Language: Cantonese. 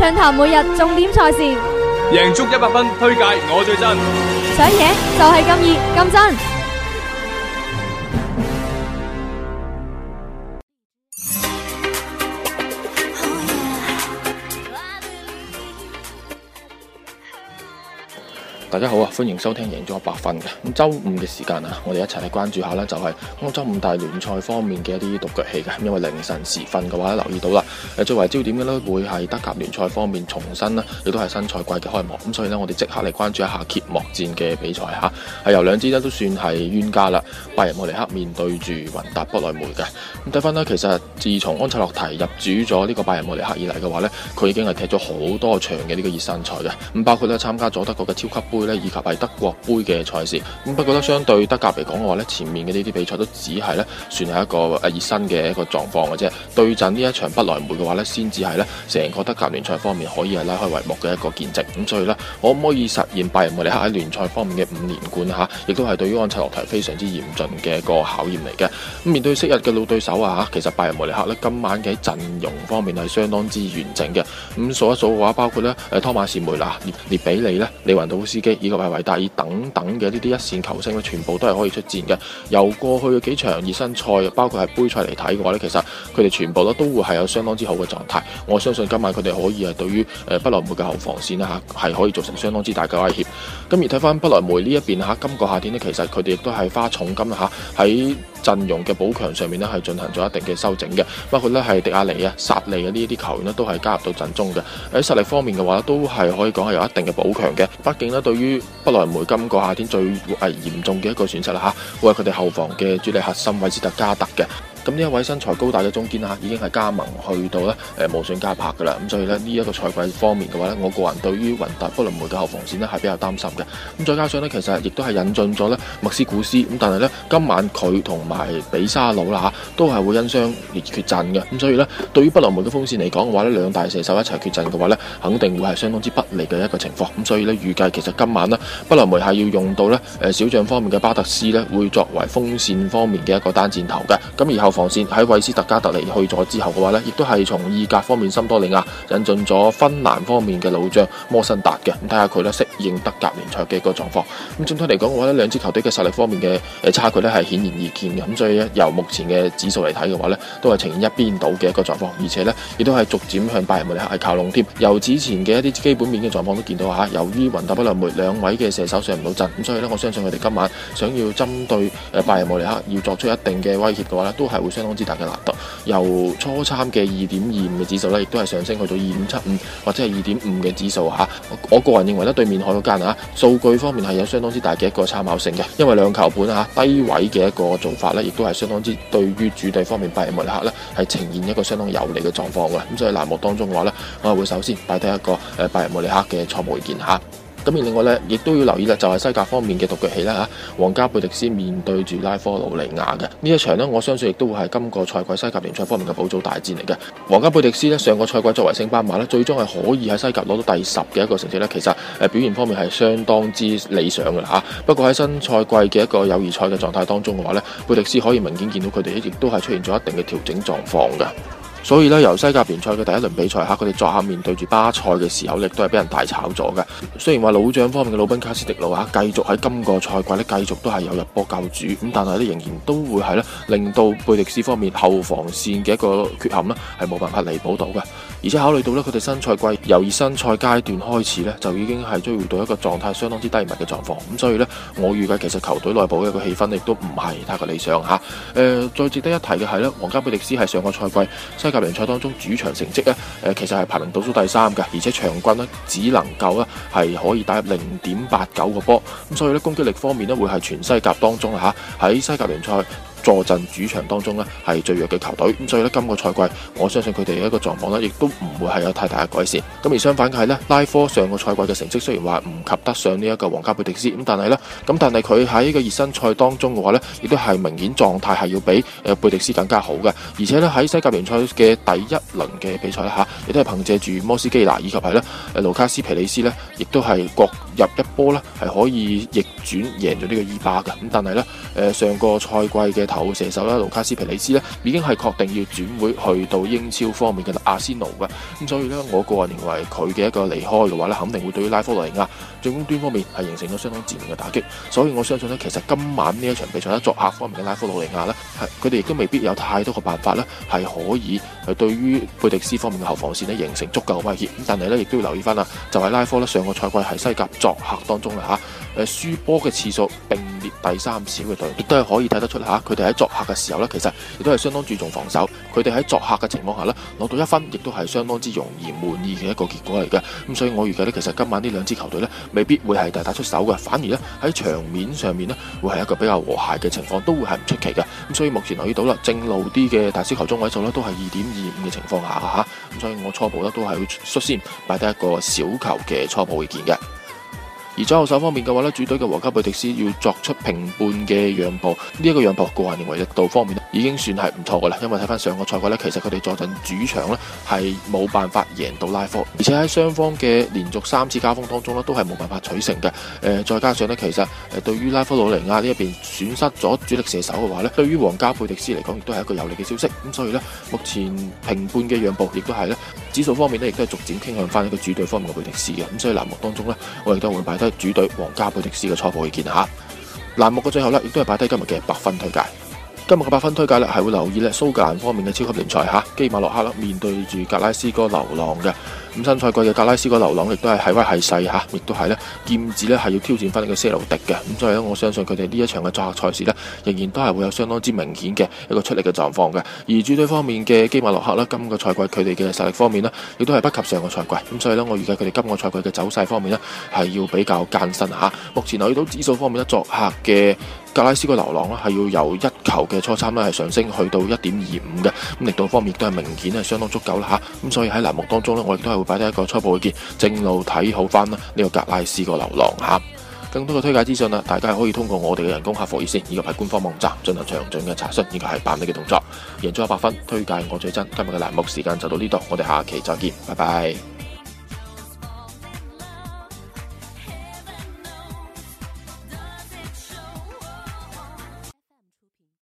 暢談每日重點賽事，贏足一百分，推介我最真，想贏就係咁熱咁真。大家好啊，歡迎收聽贏足 100FUN 嘅，咁周五嘅時間啊，我哋一齊嚟關注一下啦，就係歐洲五大聯賽方面嘅一啲獨腳戲嘅。因為凌晨時分嘅話留意到啦，誒，最為焦點嘅咧，會係德甲聯賽方面重新啦，亦都係新賽季嘅開幕。咁所以呢，我哋即刻嚟關注一下揭幕戰嘅比賽吓，係由兩支呢，都算係冤家啦，拜仁慕尼黑面對住雲達不萊梅嘅。咁睇翻咧，其實自從安切洛提入主咗呢個拜仁慕尼黑以嚟嘅話呢，佢已經係踢咗好多場嘅呢個熱身賽嘅。咁包括咧參加咗德國嘅超級杯。以及係德國杯嘅賽事，咁不過咧，相對德甲嚟講嘅話呢，前面嘅呢啲比賽都只係咧，算係一個誒熱身嘅一個狀況嘅啫。對陣呢一場不萊梅嘅話呢先至係咧，成個德甲聯賽方面可以係拉開帷幕嘅一個見證。咁所以呢，可唔可以實現拜仁慕尼克喺聯賽方面嘅五連冠啊？亦都係對於安切洛提非常之嚴峻嘅一個考驗嚟嘅。咁面對昔日嘅老對手啊嚇，其實拜仁慕尼克呢，今晚嘅陣容方面係相當之完整嘅。咁數一數嘅話，包括呢，誒湯馬士梅拿、列比利咧、李雲度夫斯基。以及係維達爾等等嘅呢啲一線球星咧，全部都係可以出戰嘅。由過去嘅幾場熱身賽，包括係盃賽嚟睇嘅話咧，其實佢哋全部咧都會係有相當之好嘅狀態。我相信今晚佢哋可以係對於誒不來梅嘅後防線啦吓，係可以造成相當之大嘅威脅。咁而睇翻不來梅呢一邊吓，今個夏天呢，其實佢哋亦都係花重金吓喺。陣容嘅補強上面呢，係進行咗一定嘅修整嘅，包括呢係迪亞尼啊、薩利啊呢啲球員呢都係加入到陣中嘅。喺實力方面嘅話，都係可以講係有一定嘅補強嘅。畢竟呢，對於不萊梅今個夏天最為嚴重嘅一個損失啦嚇，會係佢哋後防嘅主力核心維斯特加特嘅。咁呢一位身材高大嘅中堅啊，已經係加盟去到咧誒、呃、慕遜加柏㗎啦。咁所以咧呢一個賽季方面嘅話咧，我個人對於雲達不萊梅嘅後防線呢係比較擔心嘅。咁再加上咧，其實亦都係引進咗咧麥斯古斯。咁但係咧今晚佢同埋比沙魯啦都係會因傷而缺陣嘅。咁所以咧，對於不萊梅嘅鋒線嚟講嘅話咧，兩大射手一齊缺陣嘅話咧，肯定會係相當之不利嘅一個情況。咁所以咧預計其實今晚呢，不萊梅係要用到咧、呃、小將方面嘅巴特斯咧，會作為鋒線方面嘅一個單箭頭嘅。咁以後。防線喺韋斯特加特離去咗之後嘅話呢，亦都係從意甲方面，森多利亞引進咗芬蘭方面嘅老將摩森達嘅。咁睇下佢咧適應德甲聯賽嘅一個狀況。咁總體嚟講嘅話咧，兩支球隊嘅實力方面嘅誒差距咧係顯然而見嘅。咁所以由目前嘅指數嚟睇嘅話呢，都係呈現一邊倒嘅一個狀況，而且呢亦都係逐漸向拜仁慕尼黑係靠攏添。由此前嘅一啲基本面嘅狀況都見到吓，由於雲達不萊梅兩位嘅射手上唔到陣，咁所以呢，我相信佢哋今晚想要針對拜仁慕尼黑要作出一定嘅威脅嘅話呢都係。會相當之大嘅難度，由初參嘅二點二五嘅指數咧，亦都係上升去到二點七五或者係二點五嘅指數吓。我我個人認為咧，對面海咗間吓，數據方面係有相當之大嘅一個參考性嘅，因爲兩球盤吓低位嘅一個做法咧，亦都係相當之對於主隊方面拜仁慕尼黑咧係呈現一個相當有利嘅狀況嘅。咁所以欄目當中嘅話咧，我係會首先擺低一個誒拜仁慕尼黑嘅初步意見吓。咁另外咧，亦都要留意啦，就係西甲方面嘅獨腳戲啦嚇。皇家貝迪斯面對住拉科魯尼亞嘅呢一場呢，我相信亦都會係今個賽季西甲聯賽方面嘅保組大戰嚟嘅。皇家貝迪斯呢，上個賽季作為升班馬呢，最終係可以喺西甲攞到第十嘅一個成績呢。其實誒表現方面係相當之理想嘅啦嚇。不過喺新賽季嘅一個友誼賽嘅狀態當中嘅話呢，貝迪斯可以明顯見到佢哋亦都係出現咗一定嘅調整狀況嘅。所以咧，由西甲聯賽嘅第一輪比賽吓，佢哋作客面對住巴塞嘅時候，亦都係俾人大炒咗嘅。雖然話老將方面嘅魯賓卡斯迪路吓，繼續喺今個賽季咧繼續都係有入波救主，咁但係咧仍然都會係咧令到貝迪斯方面後防線嘅一個缺陷呢，係冇辦法彌補到嘅。而且考慮到咧佢哋新賽季由二新賽階段開始咧就已經係追回到一個狀態相當之低迷嘅狀況，咁所以呢，我預計其實球隊內部嘅一個氣氛亦都唔係太過理想吓。誒、呃，最值得一提嘅係咧，皇家貝迪斯係上個賽季。西甲聯賽當中主場成績咧，誒其實係排名倒數第三嘅，而且場均咧只能夠咧係可以打入零點八九個波，咁所以咧攻擊力方面咧會係全西甲當中吓喺西甲聯賽。坐鎮主場當中呢，係最弱嘅球隊。咁所以呢，今個賽季我相信佢哋一個狀況呢，亦都唔會係有太大嘅改善。咁而相反嘅係呢，拉科上個賽季嘅成績雖然話唔及得上呢一個皇家貝迪斯，咁但係呢，咁但係佢喺呢個熱身賽當中嘅話呢，亦都係明顯狀態係要比誒貝迪斯更加好嘅。而且呢，喺西甲聯賽嘅第一輪嘅比賽呢吓，亦都係憑藉住摩斯基拿以及係呢誒盧卡斯皮里斯呢，亦都係各入一波啦，係可以逆轉贏咗呢個伊巴嘅。咁但係呢，誒上個賽季嘅頭射手啦，盧卡斯皮里斯咧，已經係確定要轉會去到英超方面嘅阿仙奴嘅，咁所以咧，我個人認為佢嘅一個離開嘅話咧，肯定會對於拉科羅尼亞進攻端方面係形成咗相當致命嘅打擊，所以我相信呢，其實今晚呢一場比賽咧，作客方面嘅拉科羅尼亞呢，係佢哋亦都未必有太多個辦法呢係可以係對於貝迪斯方面嘅後防線咧形成足夠嘅威脅，咁但係呢，亦都要留意翻啦，就係、是、拉科咧，上個賽季係西甲作客當中啦吓。誒，輸波嘅次數並列第三少嘅隊，亦都係可以睇得出吓，佢哋喺作客嘅時候咧，其實亦都係相當注重防守。佢哋喺作客嘅情況下咧，攞到一分，亦都係相當之容易滿意嘅一個結果嚟嘅。咁所以我預計咧，其實今晚呢兩支球隊咧，未必會係大打出手嘅，反而咧喺場面上面咧，會係一個比較和諧嘅情況，都會係唔出奇嘅。咁所以目前留意到啦，正路啲嘅大小球中位數咧，都係二點二五嘅情況下吓。咁所以我初步咧都係率先擺低一個小球嘅初步意見嘅。而左後手方面嘅話咧，主隊嘅皇家貝蒂斯要作出平半嘅讓步，呢、這、一個讓步，個人認為力度方面咧已經算係唔錯嘅啦。因為睇翻上個賽季咧，其實佢哋坐陣主場咧係冇辦法贏到拉科，而且喺雙方嘅連續三次交鋒當中咧都係冇辦法取勝嘅。誒、呃，再加上呢，其實誒對於拉科魯尼亞呢一邊損失咗主力射手嘅話咧，對於皇家貝蒂斯嚟講亦都係一個有利嘅消息。咁所以呢，目前平半嘅讓步亦都係呢，指數方面呢，亦都係逐漸傾向翻一個主隊方面嘅貝蒂斯嘅。咁所以欄目當中呢，我哋都會擺低。主隊皇家貝蒂斯嘅初步意見吓，欄目嘅最後咧，亦都係擺低今日嘅百分推介。今日嘅百分推介咧，係會留意咧蘇格蘭方面嘅超級聯賽吓。基馬洛克啦，面對住格拉斯哥流浪嘅咁新賽季嘅格拉斯哥流浪也是在在，亦都係係威係勢吓，亦都係咧劍指咧係要挑戰翻呢個些路迪嘅咁，所以咧我相信佢哋呢一場嘅作客賽事咧，仍然都係會有相當之明顯嘅一個出力嘅狀況嘅。而主隊方面嘅基馬洛克啦，今個賽季佢哋嘅實力方面呢，亦都係不及上個賽季咁，所以呢，我預計佢哋今個賽季嘅走勢方面呢，係要比較艱辛吓、啊。目前留意到指數方面呢，作客嘅格拉斯哥流浪呢，係要由一。頭嘅初參咧係上升去到一點二五嘅，咁力度方面都係明顯係相當足夠啦吓，咁所以喺欄目當中呢，我亦都係會擺低一個初步嘅見，正路睇好翻啦呢個格拉斯個流浪客，更多嘅推介資訊啦，大家係可以通過我哋嘅人工客服熱線以及係官方網站進行詳盡嘅查詢，以及係辦理嘅動作，贏足 100FUN，推介我最真，今日嘅欄目時間就到呢度，我哋下期再見，拜拜。